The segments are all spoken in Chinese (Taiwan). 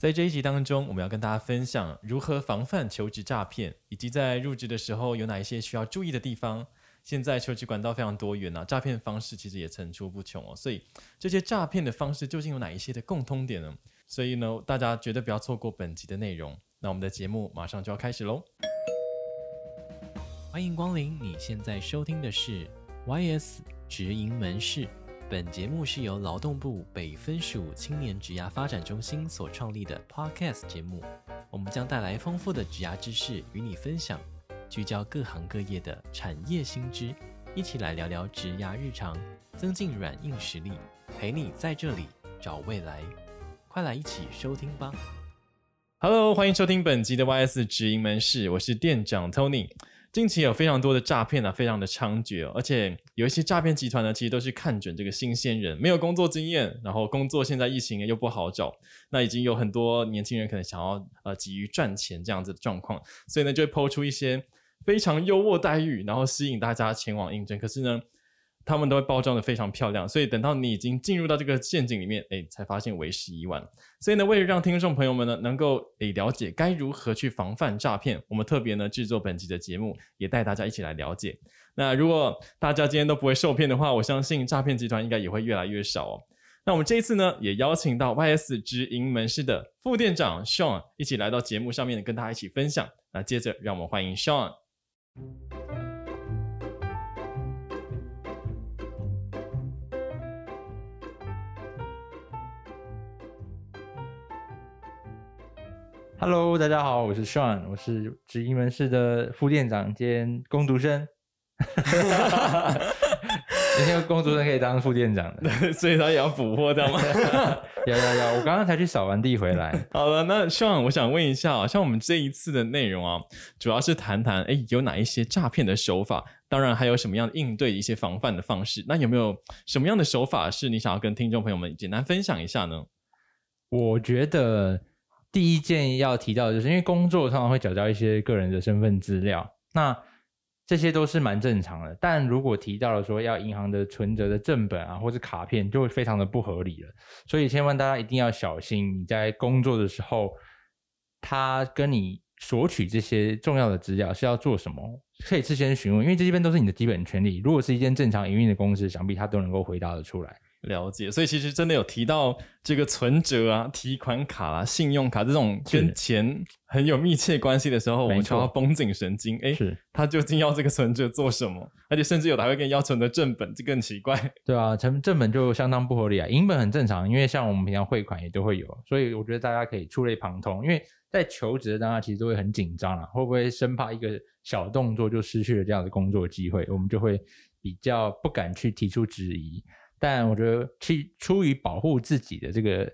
在這一集當中，我們要跟大家分享如何防範求職詐騙，以及在入職的時候有哪一些需要注意的地方。現在求職管道非常多元啊，詐騙方式其實也層出不窮哦。所以，這些詐騙的方式究竟有哪一些的共通點呢？所以呢，大家絕對不要錯過本集的內容。那我們的節目馬上就要開始嘍！歡迎光臨，你現在收聽的是 YS 職營門市。本節目是由勞動部北分署青年職涯發展中心所創立的 Podcast 節目，我們將帶來豐富的職涯知識與你分享，聚焦各行各業的產業新知，一起來聊聊職涯日常，增進軟硬實力，陪你在這裡找未來。快來一起收聽吧！Hello，歡迎收聽本集的 YS 職營門市，我是店長 Tony。近期有非常多的詐騙啊，非常的猖獗喔，而且有一些詐騙集團呢，其實都是看準這個新鮮人，沒有工作經驗，然後工作現在疫情又不好找，那已經有很多年輕人可能想要呃急於賺錢這樣子的狀況，所以呢就會拋出一些非常優渥待遇，然後吸引大家前往應徵，可是呢。他們都會包裝的非常漂亮，所以等到你已經進入到這個陷阱裡面，哎，才發現為時已晚。所以呢，為了讓聽眾朋友們呢能夠哎了解該如何去防範詐騙，我們特別呢制作本集的節目，也帶大家一起來了解。那如果大家今天都不會受騙的話，我相信詐騙集團應該也會越來越少哦。那我們這一次呢，也邀請到 YS 職營門市的副店長 Shawn 一起來到節目上面，跟大家一起分享。那接着讓我們歡迎 Shawn。Hello，大家好，我是 Shawn，我是職營門市的副店長兼工讀生。今天工讀生可以當副店長，所以他也要補貨，這樣嗎？要要要！我剛剛才去掃完地回來。好了，那 Shawn，我想問一下，像我們這一次的內容啊，主要是談談，有哪一些詐騙的手法？當然，還有什麼樣的應對一些防範的方式？那有沒有什麼樣的手法是你想要跟聽眾朋友們簡單分享一下呢？我覺得。第一件要提到的就是，因為工作上會繳交一些個人的身份資料，那這些都是蠻正常的。但如果提到了說要銀行的存摺的正本啊，或是卡片，就會非常的不合理了。所以，千萬大家一定要小心，你在工作的時候，他跟你索取這些重要的資料是要做什麼？可以事先詢問，因為這些都都是你的基本權利。如果是一間正常營運的公司，想必他都能夠回答得出來。了解，所以其實真的有提到這個存折啊、提款卡啊、信用卡這種跟錢很有密切關係的時候，我們就要繃緊神經。哎是，是，他究竟要這個存折做什麼？而且甚至有的還會跟你要存的正本，就更奇怪。對啊，存正本就相當不合理啊，影本很正常，因為像我們平常匯款也都會有，所以我覺得大家可以觸類旁通。因為在求職的當下，其實都會很緊張啊，會不會生怕一個小動作就失去了這樣的工作的機會，我們就會比較不敢去提出質疑。但我覺得，去出於保護自己的這個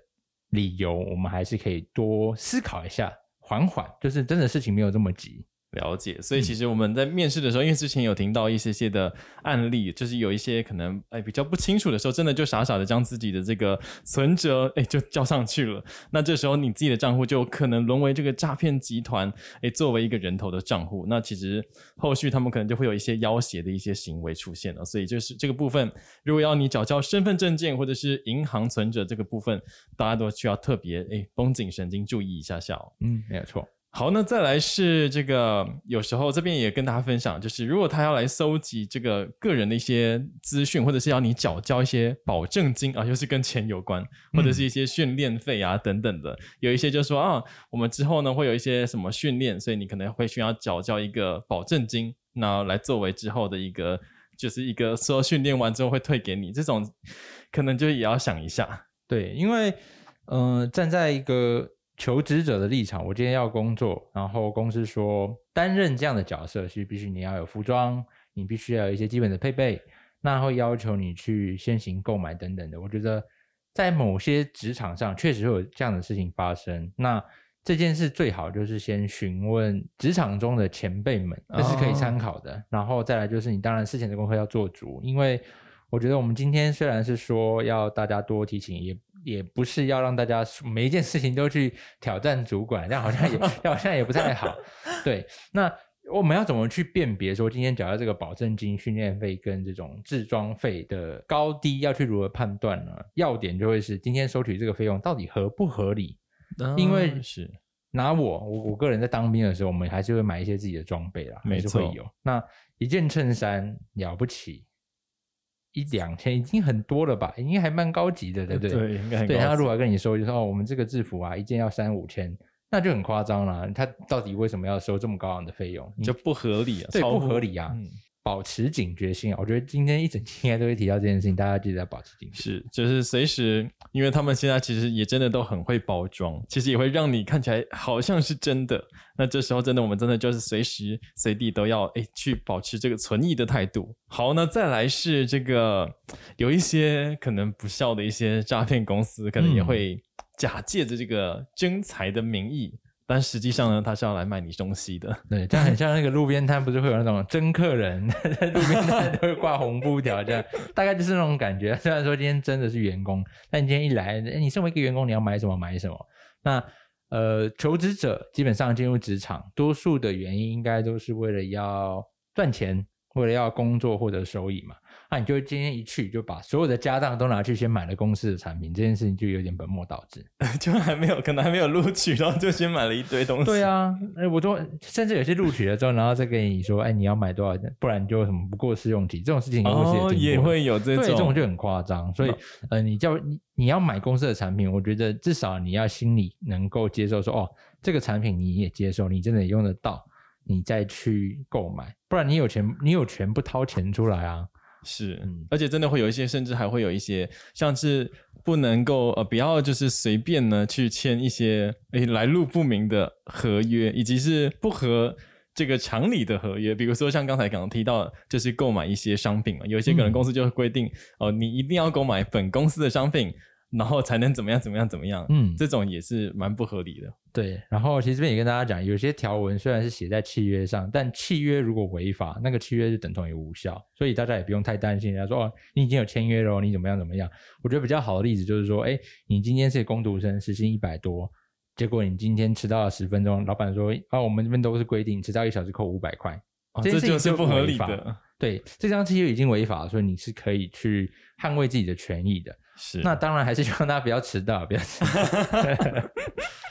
理由，我們還是可以多思考一下，緩緩，就是真的事情沒有這麼急。了解，所以其實我們在面試的時候，嗯、因為之前有聽到一些些的案例，就是有一些可能哎比較不清楚的時候，真的就傻傻的將自己的這個存摺哎就交上去了。那這時候你自己的賬戶就可能淪為這個詐騙集團哎作為一個人頭的賬戶。那其實後續他們可能就會有一些要挾的一些行為出現了。所以就是這個部分，如果要你繳交身份證件或者是銀行存摺這個部分，大家都需要特別哎繃緊神經注意一下下、哦。嗯，沒有錯。好，那再來是這個，有時候這邊也跟大家分享，就是如果他要來搜集這個個人的一些資訊，或者是要你繳交一些保證金啊，又、就是跟錢有關，或者是一些訓練費啊、嗯、等等的，有一些就說啊，我們之後呢會有一些什麼訓練，所以你可能會需要繳交一個保證金，那來作為之後的一個，就是一個說訓練完之後會退給你，這種可能就也要想一下，對，因為嗯、呃，站在一個。求職者的立場，我今天要工作，然後公司說擔任這樣的角色是必須你要有服裝，你必須要有一些基本的配備，那會要求你去先行購買等等的。我覺得在某些職場上確實會有這樣的事情發生。那這件事最好就是先詢問職場中的前輩們，這是可以參考的。哦、然後再來就是你當然事前的功課要做足，因為我覺得我們今天雖然是說要大家多提醒，也。也不是要讓大家每一件事情都去挑戰主管，這樣好像也 好像也不太好。對，那我們要怎麼去辨別說今天繳到這個保證金、訓練費跟這種置裝費的高低要去如何判斷呢？要點就會是今天收取這個費用到底合不合理？嗯，因為是拿我我我個人在當兵的時候，我們還是會買一些自己的裝備啦，還是會有錯那一件襯衫了不起。一兩千已經很多了吧，應該還蠻高級的，對不對？對，應該很高級。對，他如果要跟你說，就、哦、說我們這個制服啊，一件要三五千，那就很誇張了啊。他到底為什麼要收這麼高昂的費用？就不合理啊，對超乎不合理啊。嗯保持警覺性，我覺得今天一整天應該都會提到這件事情，大家記得要保持警覺。是，就是隨時，因為他們現在其實也真的都很會包裝，其實也會讓你看起來好像是真的。那這時候，真的我們真的就是隨時隨地都要、欸、去保持這個存疑的態度。好，那再來是這個有一些可能不肖的一些詐騙公司，可能也會假借着這個徵才的名義。嗯但實際上呢，他是要來賣你東西的。對，這樣很像那個路邊攤，不是會有那種真客人？ 路邊攤都會掛紅布條，這樣 大概就是那種感覺。雖然說今天真的是員工，但你今天一來，你身為一個員工，你要買什麼買什麼？那呃，求職者基本上進入職場，多數的原因應該都是為了要賺錢，為了要工作或者收益嘛。那、啊、你就今天一去就把所有的家當都拿去先買了公司的產品，這件事情就有點本末倒置，就還沒有，可能還沒有錄取，然後就先買了一堆東西。 對啊，呃、我都甚至有些錄取了之後，然後再跟你說，哎、欸，你要買多少錢，不然就什麼不過試用期這種事情、哦、也，也會有這種，也這種，就很誇張。所以，嗯、呃，你叫你你要買公司的產品，我覺得至少你要心裡能夠接受說，說哦，這個產品你也接受，你真的用得到，你再去購買，不然你有錢，你有權不掏錢出來啊。 是，而且真的會有一些，甚至還會有一些，像是不能夠呃、不要就是隨便呢，去簽一些誒來路不明的合約，以及是不合這個常理的合約。比如說像剛才剛剛提到，就是購買一些商品嘛，有一些可能公司就會規定、嗯、哦，你一定要購買本公司的商品。然後才能怎麼樣怎麼樣怎麼樣？嗯，這種也是蠻不合理的。對，然後其實這邊也跟大家講，有些條文雖然是寫在契約上，但契約如果違法，那個契約就等同於無效。所以大家也不用太擔心，人家說哦，你已經有簽約了，你怎麼樣怎麼樣？我覺得比較好的例子就是說，哎，你今天是工讀生，時薪一百多，結果你今天遲到了十分鐘，老闆說啊，哦，我們這邊都是規定，遲到一小時扣五百塊。哦，這就是不合理的。對，這張契約已經違法了，所以你是可以去捍衛自己的權益的。是，那當然還是希望大家不要遲到，不要遲到。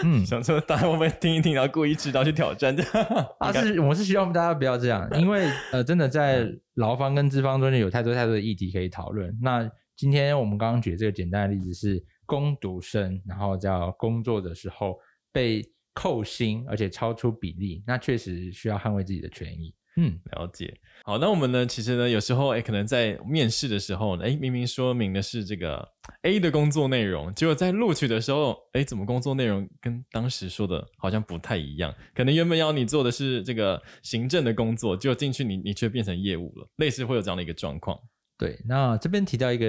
嗯，想說當然我們聽一聽，然後故意遲到去挑戰。該啊，是，我是希望大家不要這樣， 因為呃，真的在勞方跟資方中間有太多太多的議題可以討論。那今天我們剛剛舉的這個簡單的例子是，工讀生然後叫工作的時候被扣薪，而且超出比例，那確實需要捍衛自己的權益。嗯，了解。好，那我們呢？其實呢，有時候哎、欸，可能在面試的時候，哎、欸，明明說明的是這個 A 的工作內容，結果在錄取的時候，哎、欸，怎麼工作內容跟當時說的好像不太一樣？可能原本要你做的是這個行政的工作，結果進去你你卻變成業務了，類似會有這樣的一個狀況。對，那這邊提到一個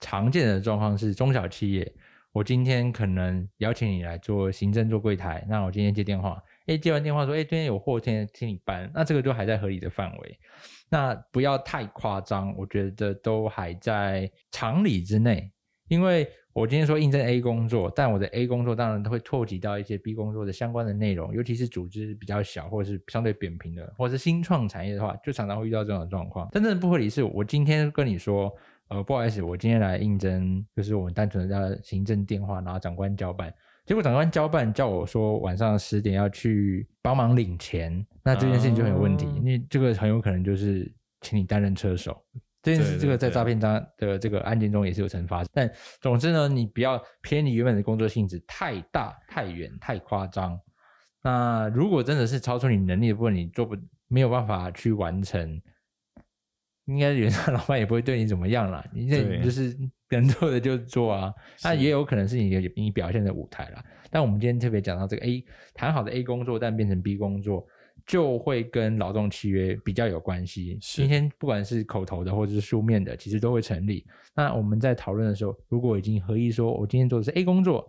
常見的狀況是，中小企業，我今天可能邀請你來做行政，做櫃檯，那我今天接電話。哎，接完電話說，哎，今天有貨天，今天請你搬。那這個都還在合理的範圍，那不要太誇張，我覺得都還在常理之內。因為我今天說應徵 A 工作，但我的 A 工作當然都會觸及到一些 B 工作的相關的內容，尤其是組織比較小或者是相對扁平的，或者是新創產業的話，就常常會遇到這種狀況。真正的不合理是我今天跟你說，呃，不好意思，我今天來應徵，就是我們單純的行政電話，然後長官交辦。結果長官交辦叫我說晚上十點要去幫忙領錢，那這件事情就很有問題，嗯、因為這個很有可能就是請你擔任車手。這件事，這個在詐騙當的這個案件中也是有懲罰。對對對，但總之呢，你不要偏離原本的工作性質太大、太遠、太誇張。那如果真的是超出你能力的部分，你做不沒有辦法去完成，應該原廠老板也不會對你怎麼樣啦。你這就是。能做的就做啊，那也有可能是你你表現的舞台啦。是但我們今天特別講到這個 A 談、欸，好的 A 工作，但變成 B 工作，就會跟勞動契約比較有關係。是今天不管是口頭的或者是書面的，其實都會成立。那我們在討論的時候，如果已經合意說我今天做的是 A 工作，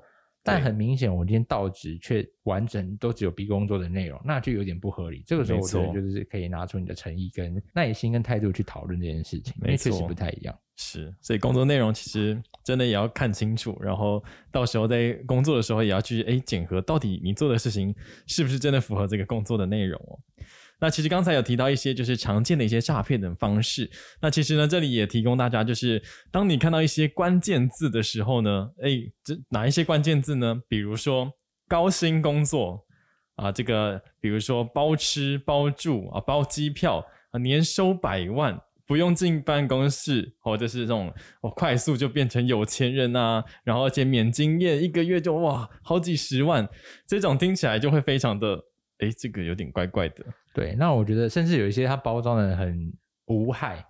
對但很明顯我今天到職卻完整都只有 B 工作的內容，那就有點不合理。這個時候，我覺得就是可以拿出你的誠意、跟耐心、跟態度去討論這件事情，錯因為確實不太一樣。是，所以工作內容其實真的也要看清楚，然後到時候在工作的時候也要去哎檢核，誒合到底你做的事情是不是真的符合這個工作的內容哦。那其實剛才有提到一些就是常見的一些詐騙等方式，那其實呢這裡也提供大家，就是當你看到一些關鍵字的時候呢，哎，這哪一些關鍵字呢？比如說高薪工作啊，這個比如說包吃包住啊，包機票啊，年收百萬。不用進辦公室，或、哦、者、就是這種、哦，快速就變成有錢人啊，然後而且免經驗，一個月就哇好幾十萬，這種聽起來就會非常的，哎、欸，這個有點怪怪的。對，那我覺得甚至有一些它包裝得很無害，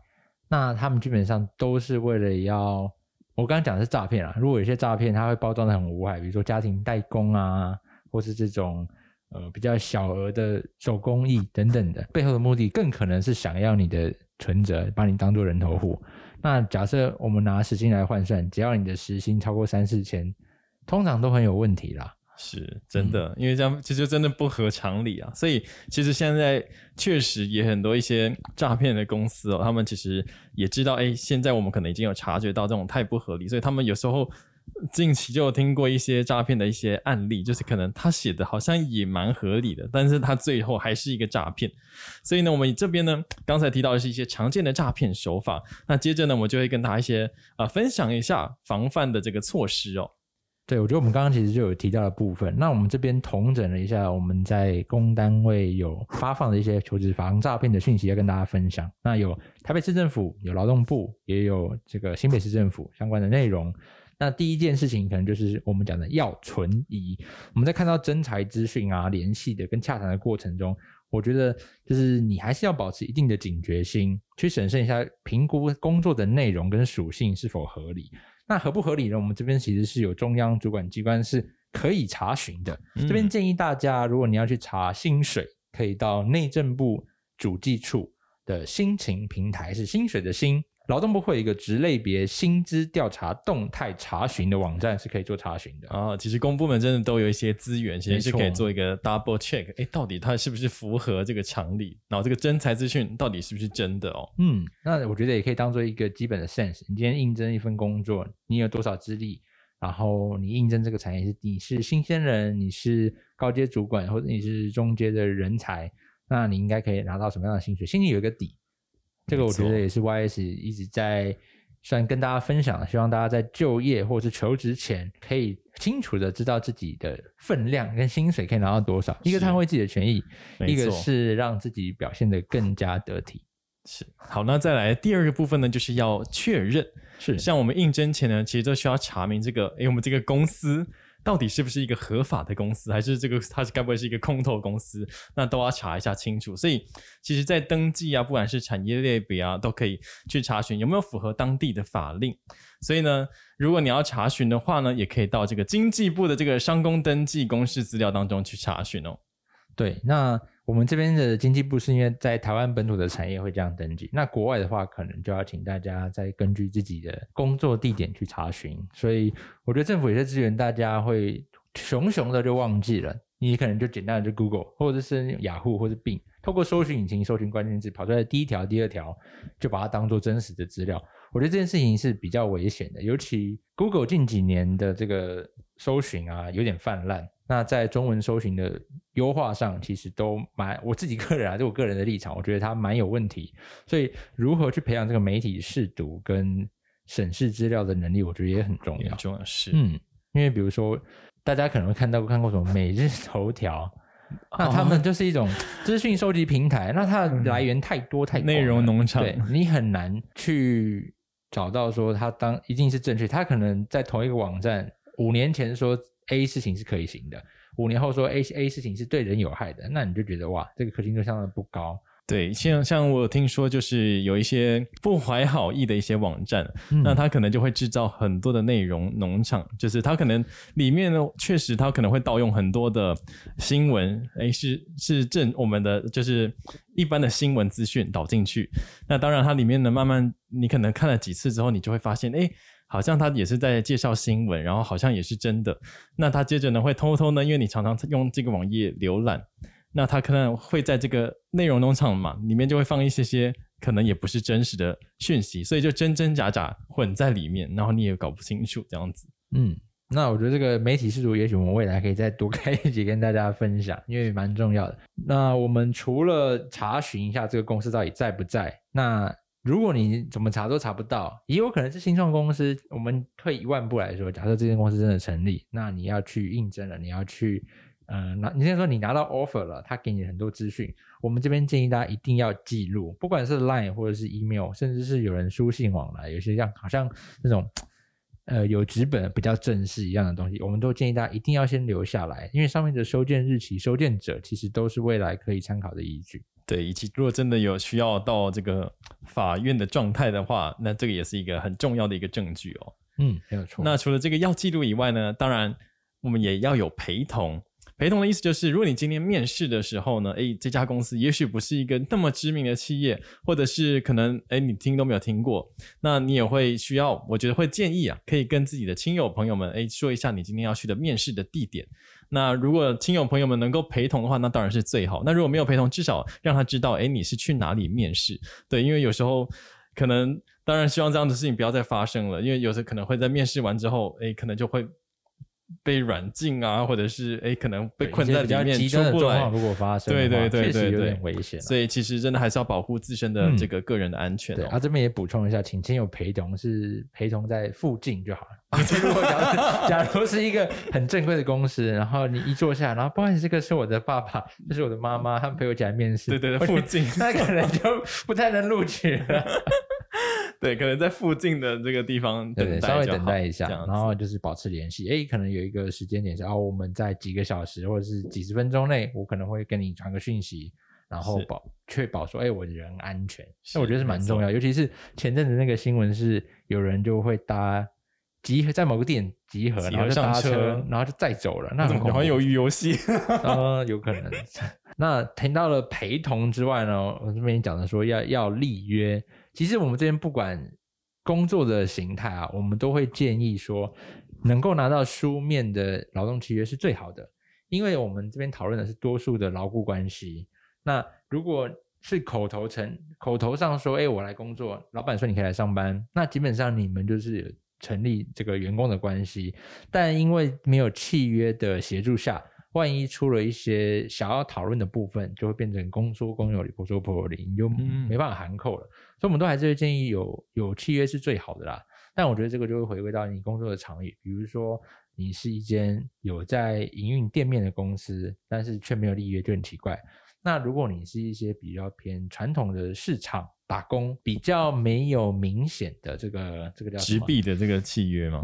那他們基本上都是為了要，我剛剛講的是詐騙啊，如果有些詐騙，它會包裝得很無害，比如說家庭代工啊，或是這種呃比較小額的手工藝等等的，背後的目的更可能是想要你的。存摺把你當作人頭戶，那假設我們拿時薪來換算，只要你的時薪超過三四千，通常都很有問題啦。是真的，嗯、因為這樣其實真的不合常理啊。所以其實現在確實也很多一些詐騙的公司哦，他們其實也知道，哎、欸，現在我們可能已經有察覺到這種太不合理，所以他們有時候。近期就聽過一些詐騙的一些案例，就是可能他寫的好像也蠻合理的，但是他最後還是一個詐騙。所以呢，我們這邊呢，剛才提到的是一些常見的詐騙手法。那接着呢，我就會跟他一些啊、呃，分享一下防範的這個措施哦。對，我覺得我們剛剛其實就有提到的部分。那我們這邊統整了一下我們在公單位有发放的一些求職防詐騙的訊息要跟大家分享。那有台北市政府、有勞動部，也有這個新北市政府相關的內容。那第一件事情，可能就是我們講的要存疑。我們在看到徵才資訊啊、聯繫的跟洽談的過程中，我覺得就是你還是要保持一定的警覺心，去審慎一下評估工作的內容跟屬性是否合理。那合不合理呢？我們這邊其實是有中央主管機關是可以查詢的。嗯、這邊建議大家，如果你要去查薪水，可以到內政部主計處的薪情平台，是薪水的薪。勞動部會有一個職類別薪資調查動態查詢的網站，是可以做查詢的。啊、哦，其實公部門真的都有一些資源，其實是可以做一個 double check，哎錯，到底它是不是符合這個常理？然後這個徵才資訊到底是不是真的？哦，嗯，那我覺得也可以當做一個基本的 sense。你今天應徵一份工作，你有多少資歷？然後你應徵這個產業是你是新鮮人，你是高階主管，或者你是中階的人才？那你應該可以拿到什麼樣的薪水？心裡有一個底。這個我覺得也是 Y S 一直在算跟大家分享，錯希望大家在就業或是求職前，可以清楚的知道自己的分量跟薪水可以拿到多少，是一個捍衛自己的權益，錯一個是讓自己表現得更加得體。是好，那再來第二個部分呢，就是要確認，是像我們應徵前呢，其實都需要查明這個，哎，我們這個公司。到底是不是一個合法的公司，還是這個它該不會是一個空頭公司？那都要查一下清楚。所以，其實，在登記啊，不管是產業類別啊，都可以去查詢有沒有符合當地的法令。所以呢，如果你要查詢的話呢，也可以到這個經濟部的這個商工登記公示資料當中去查詢哦。對，那。我們這邊的經濟部是因為在台灣本土的產業會這樣登記，那國外的話可能就要請大家再根據自己的工作地點去查詢。所以我覺得政府有些資源，大家會熊熊的就忘記了，你可能就簡單的就 Google 或者是雅虎、ah、或者 Bing，透過搜尋引擎搜尋關鍵字，跑出來的第一條、第二條就把它當做真實的資料。我覺得這件事情是比較危險的，尤其 Google 近幾年的這個搜尋啊，有點氾濫。那在中文搜尋的優化上，其實都蠻……我自己個人啊，就我個人的立場，我覺得它蠻有問題。所以，如何去培養這個媒體識讀跟審視資料的能力，我覺得也很重要。重要是，嗯，因為比如說，大家可能會看到看過什麼《每日頭條》， 那他們就是一種資訊收集平台，哦、那它的來源太多、嗯、太內容農場，對，你很難去找到說它當一定是正確，它可能在同一個網站五年前說。A 事情是可以行的。五年後說 A A 事情是對人有害的，那你就覺得哇，這個可信度相當不高。對，像像我聽說，就是有一些不懷好意的一些網站，嗯、那他可能就會製造很多的內容農場，就是他可能裡面呢確實他可能會盜用很多的新聞，哎，是是正我們的就是一般的新聞資訊導進去。那當然，它裡面呢慢慢，你可能看了幾次之後，你就會發現哎。誒好像他也是在介紹新聞，然後好像也是真的。那他接着呢會偷偷呢，因為你常常用這個網頁瀏覽，那他可能會在這個內容農場嘛，裡面就會放一些些可能也不是真實的訊息，所以就真真假假混在裡面，然後你也搞不清楚這樣子。嗯，那我覺得這個媒體識讀，也許我們未來可以再多開一集跟大家分享，因為蠻重要的。那我們除了查詢一下這個公司到底在不在，那。如果你怎麼查都查不到，也有可能是新創公司。我們退一萬步來說，假設這間公司真的成立，那你要去應徵了，你要去，呃，拿，你先說你拿到 offer 了，他給你很多資訊，我們這邊建議大家一定要記錄，不管是 line 或者是 email，甚至是有人書信往來，有些像好像那種，呃，有紙本比較正式一樣的東西，我們都建議大家一定要先留下來，因為上面的收件日期、收件者其實都是未來可以參考的依據。對，以及如果真的有需要到這個法院的狀態的話，那這個也是一個很重要的一個證據哦。嗯，沒有錯。那除了這個要記錄以外呢，當然我們也要有陪同。陪同的意思就是，如果你今天面試的時候呢，誒，這家公司也許不是一個那麼知名的企業，或者是可能誒，你聽都沒有聽過，那你也會需要，我覺得會建議啊，可以跟自己的親友朋友們誒，說一下你今天要去的面試的地點。那如果親友朋友們能夠陪同的話，那當然是最好。那如果沒有陪同，至少讓他知道，哎，你是去哪裡面試？對，因為有時候可能，當然希望這樣的事情不要再發生了，因為有時可能會在面試完之後，哎，可能就會。被軟禁啊，或者是哎，可能被困在裡面出不來的狀況如果發生，對對對對對，確實有點危險，啊。所以其實真的還是要保護自身的這個個人的安全，哦嗯對。啊，這邊也補充一下，請親友陪同是陪同在附近就好了。 啊、如果假如，假如是一個很正規的公司， 然後你一坐下，然後不好意思，這個是我的爸爸，這是我的媽媽，他們陪我起來面試，對，對對，附近那可能就不太能錄取了。 對，可能在附近的這個地方等對對，稍微等待一下，然後就是保持聯繫。哎，可能有一個時間點是，哦，我們在幾個小時或者是幾十分鐘內，我可能會跟你傳個訊息，然後保是確保說，哎，我人安全。是那我覺得是蠻重要，錯尤其是前陣子的那個新聞是有人就會搭集合在某個點集合，集合然後搭車上車，然後就再走了。那怎麼還有遇遊戲、嗯？有可能。 那聽到了陪同之外呢，我這邊講的說要要立約。其實我們這邊不管工作的形態啊，我們都會建議說，能夠拿到書面的勞動契約是最好的，因為我們這邊討論的是多數的勞務關係。那如果是口頭成口頭上說，哎、欸，我來工作，老板說你可以來上班，那基本上你們就是成立這個員工的關係，但因為沒有契約的協助下。萬一出了一些想要討論的部分，就會變成公說公有理，婆、嗯、說婆有理，你就沒辦法喊卡了。嗯、所以，我們都還是會建議有有契約是最好的啦。但我覺得這個就會回歸到你工作的場域，比如說你是一間有在營運店面的公司，但是卻沒有立約，就很奇怪。那如果你是一些比較偏傳統的市場打工，比較沒有明顯的這個這個叫什麼？直幣的這個契約嗎？嗯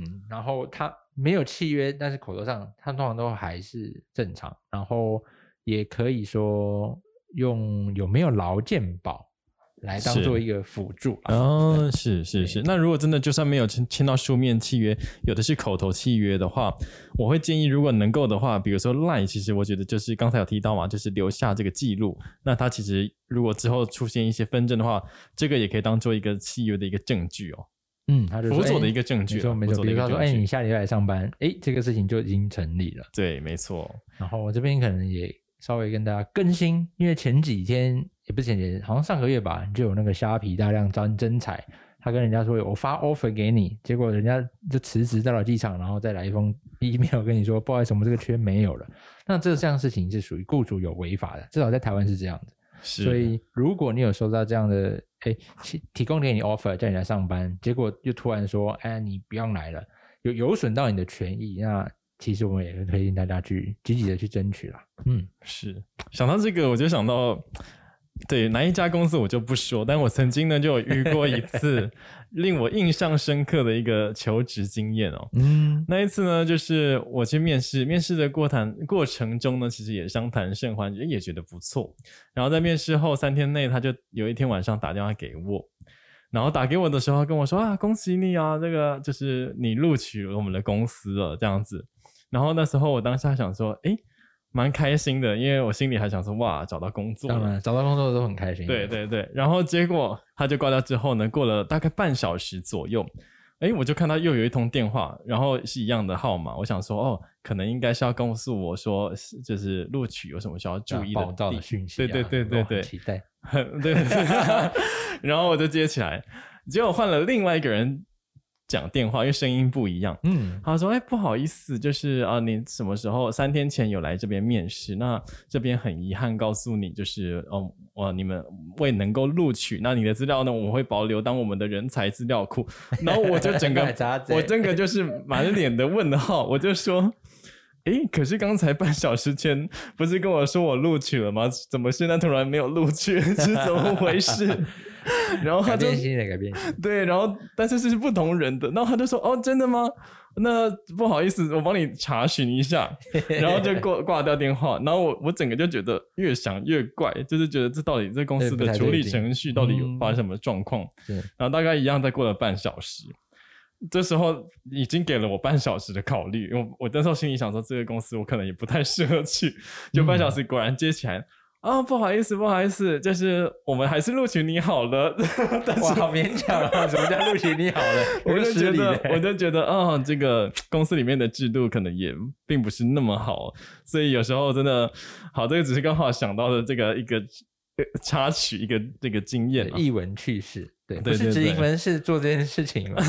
嗯嗯，然後他。沒有契約，但是口頭上，他通常都還是正常。然後也可以說用有沒有勞健保來當做一個輔助。哦，是是是。對那如果真的就算沒有簽簽到書面契約，有的是口頭契約的話，我會建議如果能夠的話，比如說 LINE 其實我覺得就是剛才有提到嘛，就是留下這個記錄。那他其實如果之後出現一些紛爭的話，這個也可以當做一個契約的一個證據哦。嗯，他就的輔佐、欸、的一個證據，比如說，哎、欸，你下禮拜上班，哎、欸，這個事情就已經成立了。對，沒錯。然後我這邊可能也稍微跟大家更新，因為前幾天也不是前幾天，好像上個月吧，就有那個蝦皮大量招真彩。他跟人家說，我發 offer 給你，結果人家就辭職到了機場，然後再來一封 email 跟你說，不好意思，我們這個缺沒有了。那這這樣的事情是屬於雇主有違法的，至少在台灣是這樣的。是。所以，如果你有收到這樣的，哎、欸，提供給你 offer 叫你來上班，結果又突然說，哎、欸，你不用來了，有有損到你的權益，那其實我們也是推薦大家去積極的去爭取啦。嗯，是，想到這個我就想到。對，哪一家公司我就不說，但我曾經呢就有遇過一次令我印象深刻的一個求職經驗哦。嗯， 那一次呢，就是我去面試，面試的過談過程中呢，其實也相談甚歡，也覺得不錯。然後在面試後三天內，他就有一天晚上打電話給我，然後打給我的時候跟我說啊，恭喜你啊，這個就是你錄取了我們的公司了這樣子。然後那時候我當下想說，哎。蠻開心的，因為我心裡還想說哇，找到工作了，找到工作的時候很開心。對對對， 然後結果他就掛掉之後呢，過了大概半小時左右，哎，我就看到又有一通電話，然後是一樣的號碼，我想說哦，可能應該是要告訴我說，就是錄取有什麼需要注意的、啊、的訊息、啊。對對對對對，期待 對對對。對，然後我就接起來， 結果換了另外一個人。講電話，因為聲音不一樣。嗯，他說：“哎，不好意思，就是啊、呃，你什麼時候？三天前有來這邊面試，那這邊很遺憾告訴你，就是哦，哇，你們未能夠錄取，那你的資料呢，我會保留當我們的人才資料庫。”然後我就整個， 我真的就是滿臉的問號，我就說：“哎，可是剛才半小時前不是跟我說我錄取了嗎？怎麼現在突然沒有錄取？是怎麼回事？” 然後他就對，然後但是這是不同人的。然後他就說哦，真的嗎？那不好意思，我幫你查詢一下，然後就掛掛掉電話。然後我我整個就覺得越想越怪，就是覺得這到底這公司的處理程序到底有發生什麼狀況？對。然後大概一樣，再過了半小時，這時候已經給了我半小時的考慮。我我那時候心裡想說，這個公司我可能也不太適合去。就半小時，果然接起來。啊、哦，不好意思，不好意思，就是我們還是錄取你好了。 但是哇，好勉強啊、哦！ 什麼叫錄取你好了？ 我就覺得， 我就覺得啊，這個公司裡面的制度可能也並不是那麼好，所以有時候真的，好，這個只是剛好想到的這個一個、呃、插曲，一個這個經驗、啊。逸聞趣事。對，不是職營門市做這件事情嘛？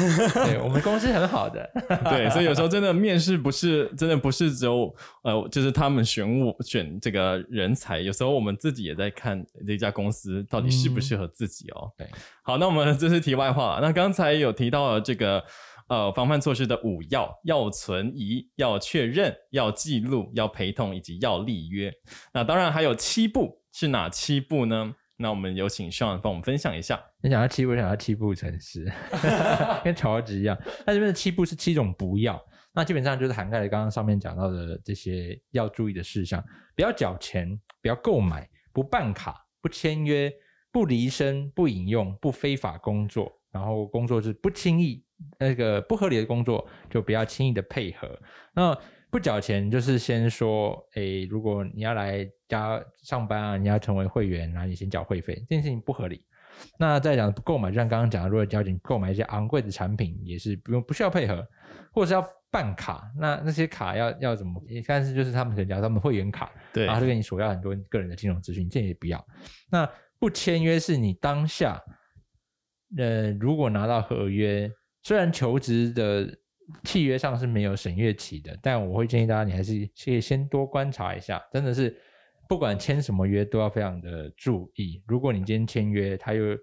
對我們公司很好的， 對，所以有時候真的面試不是真的不是只有呃，就是他們選我選這個人才，有時候我們自己也在看這家公司到底適不適合自己哦、喔嗯。對，好，那我們這是題外話。那剛才有提到了這個呃防範措施的五要：要存疑、要確認、要記錄、要陪同以及要立約。那當然還有七不，是哪七不呢？那我們有請 Shawn 幫我們分享一下，你想要七步，我想要七步成詩， 跟曹植一樣。那這邊的七步是七種不要，那基本上就是涵蓋了剛剛上面講到的這些要注意的事項：不要繳錢，不要購買，不辦卡，不簽約，不離身，不飲用，不非法工作，然後工作是不輕易那個不合理的工作，就不要輕易的配合。那不繳錢就是先說，欸，如果你要來家上班啊，你要成為會員，那你先繳會費，這件事情不合理。那再講不購買，就像剛剛講的，如果要你購買一些昂貴的產品，也是不用不需要配合，或者是要辦卡，那那些卡要要怎麼？但是就是他們可以講他們會員卡，對，然後就跟你索要很多個人的金融資訊，這也不要。那不簽約是你當下，呃，如果拿到合約，雖然求職的。契約上是沒有審閱期的，但我會建議大家，你還是可以先多觀察一下。真的是，不管簽什麼約，都要非常的注意。如果你今天簽約，他又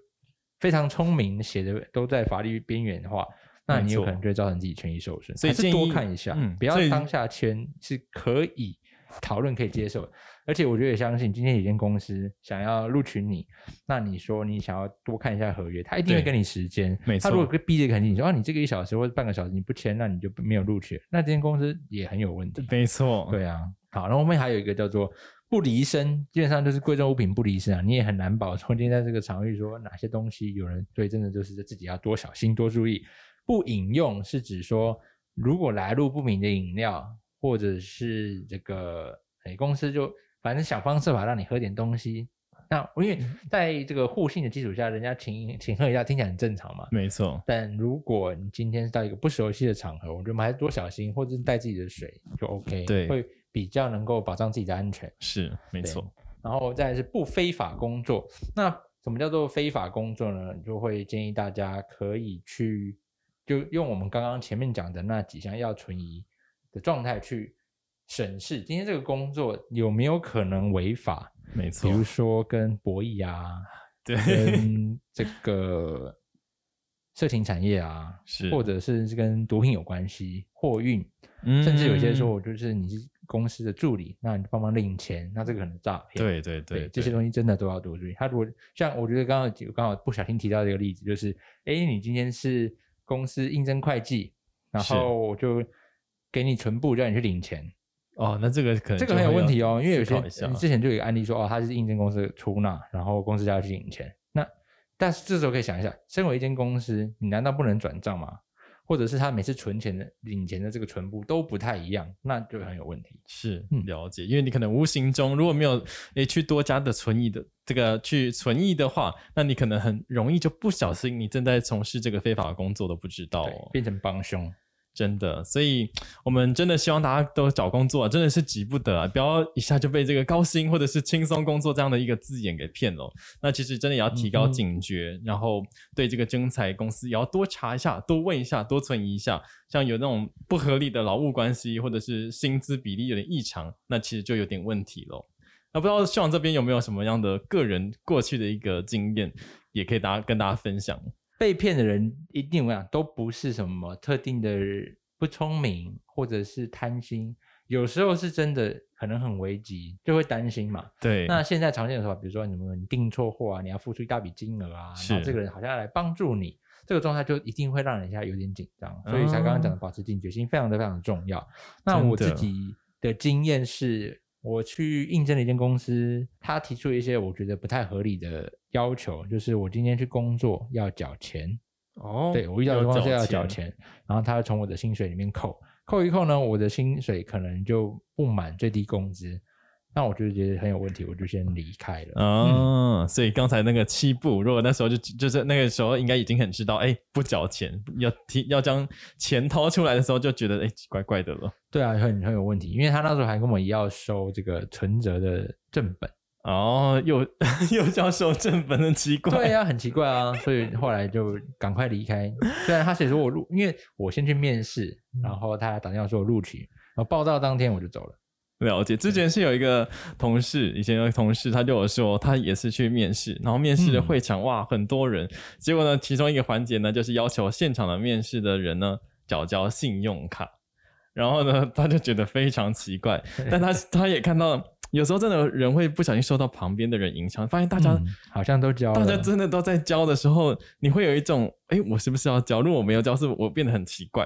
非常聰明寫的都在法律邊緣的話，那你有可能就會造成自己權益受損，嗯。所以建議多看一下，嗯、不要當下簽是可以討論可以接受。而且我覺得也相信，今天有間公司想要錄取你，那你說你想要多看一下合約，他一定會給你時間。沒錯，他如果逼得很緊，說、啊、你這個一小時或者半個小時你不簽，那你就沒有錄取。那這間公司也很有問題、啊。沒錯，對啊。好，然後後面還有一個叫做不離身，基本上就是貴重物品不離身啊，你也很難保。從今天在這個場域說，哪些東西有人對，真的就是自己要多小心多注意。不飲用是指說，如果來路不明的飲料或者是這個誒、欸，公司就。反正想方設法讓你喝點東西，那因為在這個互信的基礎下，人家請請喝一下，聽起來很正常嘛。沒錯，但如果你今天是到一個不熟悉的場合，我覺得我們還是多小心，或者是帶自己的水就 OK。對，會比較能夠保障自己的安全。是，沒錯。然後再是不非法工作。那什麼叫做非法工作呢？你就會建議大家可以去，就用我們剛剛前面講的那幾項要存疑的狀態去。審視今天這個工作有沒有可能違法？沒錯 錯，比如說跟博弈啊，對 跟這個色情產業啊，是，或者是跟毒品有關係，貨運，嗯、甚至有些時候，就是你是公司的助理，嗯、那你幫忙領錢，那這個可能詐騙。對對對，對，這些東西真的都要多注意。他如果像我覺得剛剛我剛好不小心提到這個例子，就是哎，欸、你今天是公司應徵會計，然後我就給你存簿，叫你去領錢。哦，那這個可能這個很有問題哦，因為有些之前就有案例說，哦，他是應徵公司出納，然後公司要去領錢。那但是這時候可以想一下，身為一間公司，你難道不能轉賬嗎？或者是他每次存錢的、領錢的這個存戶都不太一樣，那就很有問題。是，了解，因為你可能無形中如果沒有誒去多加的存疑的這個去存疑的話，那你可能很容易就不小心，你正在從事這個非法工作都不知道哦，變成幫兇。真的，所以我們真的希望大家都找工作，啊，真的是急不得，啊，不要一下就被這個高薪或者是輕鬆工作這樣的一個字眼給騙了。那其實真的也要提高警覺，嗯、哼然後對這個徵才公司也要多查一下，多問一下，多存疑一下。像有那種不合理的勞務關係，或者是薪資比例有點異常，那其實就有點問題了。那不知道 Shawn 這邊有沒有什麼樣的個人過去的一個經驗，也可以大家跟大家分享。被騙的人一定，我跟你講都不是什麼特定的不聰明，或者是貪心，有時候是真的可能很危急，就會擔心嘛。對。那現在常見的說法，比如說你們訂錯貨啊，你要付出一大筆金額啊，是然後，這個人好像要來幫助你，這個狀態就一定會讓人家有點緊張，所以像剛剛講的保持警覺心，非常的非常的重要。嗯、那我自己的經驗是。我去應徵了一間公司，他提出一些我覺得不太合理的要求，就是我今天去工作要繳錢哦，oh, 對，我遇到的公司要繳錢，錢，然後他從我的薪水裡面扣，扣一扣呢，我的薪水可能就不滿最低工資。那我就覺得很有問題，我就先離開了。哦、嗯，所以剛才那個七不，如果那時候就就是那個時候，應該已經很知道，哎、欸，不繳錢，要提要將錢掏出來的時候，就覺得哎，怪、欸、怪的了。對啊，很很有問題，因為他那時候還跟我們要收這個存折的正本。哦，又 又叫收正本，很奇怪。對啊，很奇怪啊，所以後來就趕快離開。 雖然他寫說我錄，因為我先去面試，嗯、然後他打電話說我錄取，然後報到當天我就走了。了解，之前是有一個同事，對以前有一個同事，他對我說他也是去面試，然後面試的會場、嗯、哇很多人，結果呢其中，一個環節呢就是要求現場的面試的人呢繳交信用卡，然後呢他就覺得非常奇怪，但他對他也看到有時候真的人會不小心受到旁邊的人影響，發現大家、嗯、好像都交了，大家真的都在交的時候，你會有一種哎、欸、我是不是要交？如果我沒有交，是我變得很奇怪。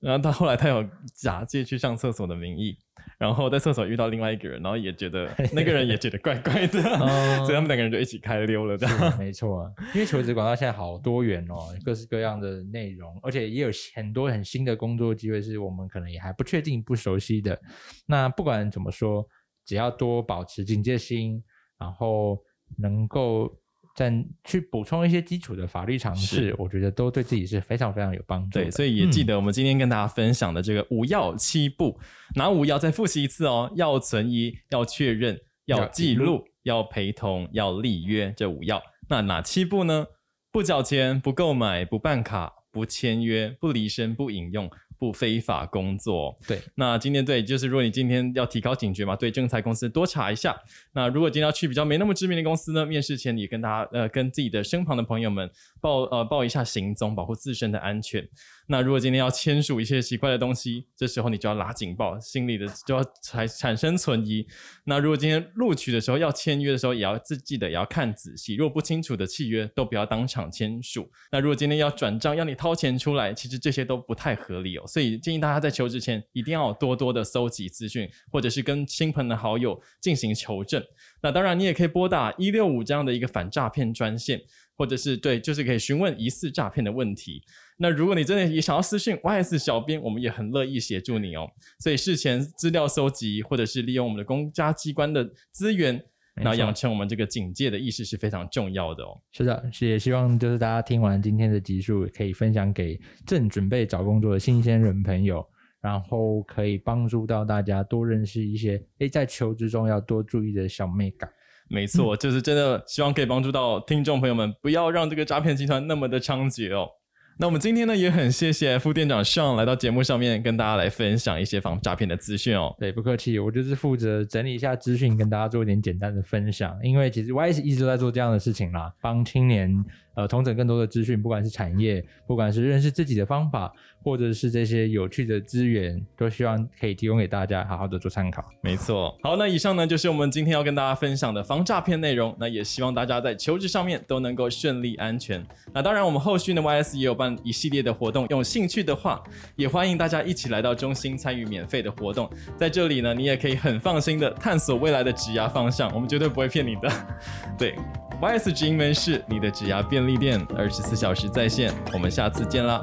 然後他後來他有假借去上廁所的名義。然後在廁所遇到另外一個人，然後也覺得那個人也覺得怪怪的， 哦、 所以他們兩個人就一起開溜了，這樣。沒錯，因為求職廣告現在好多元哦， 各式各樣的內容，而且也有很多很新的工作機會，是我們可能也還不確定、不熟悉的。那不管怎麼說，只要多保持警戒心，然後能夠。在去補充一些基礎的法律常識，是我覺得都對自己是非常非常有幫助的。對，所以也記得我們今天跟大家分享的這個五要七不。哪、嗯、五要？再複習一次哦：要存疑、要確認、要記錄、要，要陪同、要立約，這五要。那哪七不呢？不繳錢、不購買、不辦卡、不簽約、不離身、不引用。不非法工作，對。那今天對，就是如果你今天要提高警覺嘛，對，正財公司多查一下。那如果今天要去比較沒那麼知名的公司呢，面試前你跟大家呃，跟自己的身旁的朋友們。報呃，報一下行蹤，保護自身的安全。那如果今天要簽署一些奇怪的東西，這時候你就要拉警報，心裡的就要才產生存疑。那如果今天錄取的時候要簽約的時候，也要自己記得也要看仔細。如果不清楚的契約，都不要當場簽署。那如果今天要轉賬要你掏錢出來，其實這些都不太合理哦。所以建議大家在求職前一定要多多的搜集資訊，或者是跟親朋的好友進行求證。那當然，你也可以撥打一六五這樣的一個反詐騙專線。或者是對，就是可以詢問疑似詐，詐騙的問題。那如果你真的也想要私信 Y S 小編，我們也很樂意協助你哦。所以事前資料搜集，或者是利用我們的公家機關的資源，然後養成我們這個警戒的意識是非常重要的哦。錯是的，也希望就是大家聽完今天的集數，可以分享給正準備找工作的新鮮人朋友，然後可以幫助到大家多認識一些，誒，在求職中要多注意的小眉角。沒錯，就是真的希望可以幫助到聽眾朋友們，不要讓這個詐騙集團那麼的猖獗哦。那我們今天呢，也很謝謝副店長 Shawn 來到節目上面跟大家來分享一些防詐騙的資訊哦。對，不客氣，我就是負責整理一下資訊，跟大家做一點簡單的分享。因為其實我也是一直在做這樣的事情啦，幫青年。呃，統整更多的資訊，不管是產業，不管是認識自己的方法，或者是這些有趣的資源，都希望可以提供給大家，好好的做參考。沒錯。好，那以上呢，就是我們今天要跟大家分享的防詐騙內容。那也希望大家在求職上面都能夠順利安全。那當然，我們後續呢，YS 也有辦一系列的活動，有興趣的話，也歡迎大家一起來到中心參與免費的活動。在這裡呢，你也可以很放心的探索未來的職業方向，我們絕對不會騙你的。對，YS 直營門市，你的職業便利點二十四小時在線，我們下次見啦，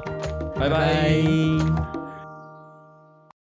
拜拜。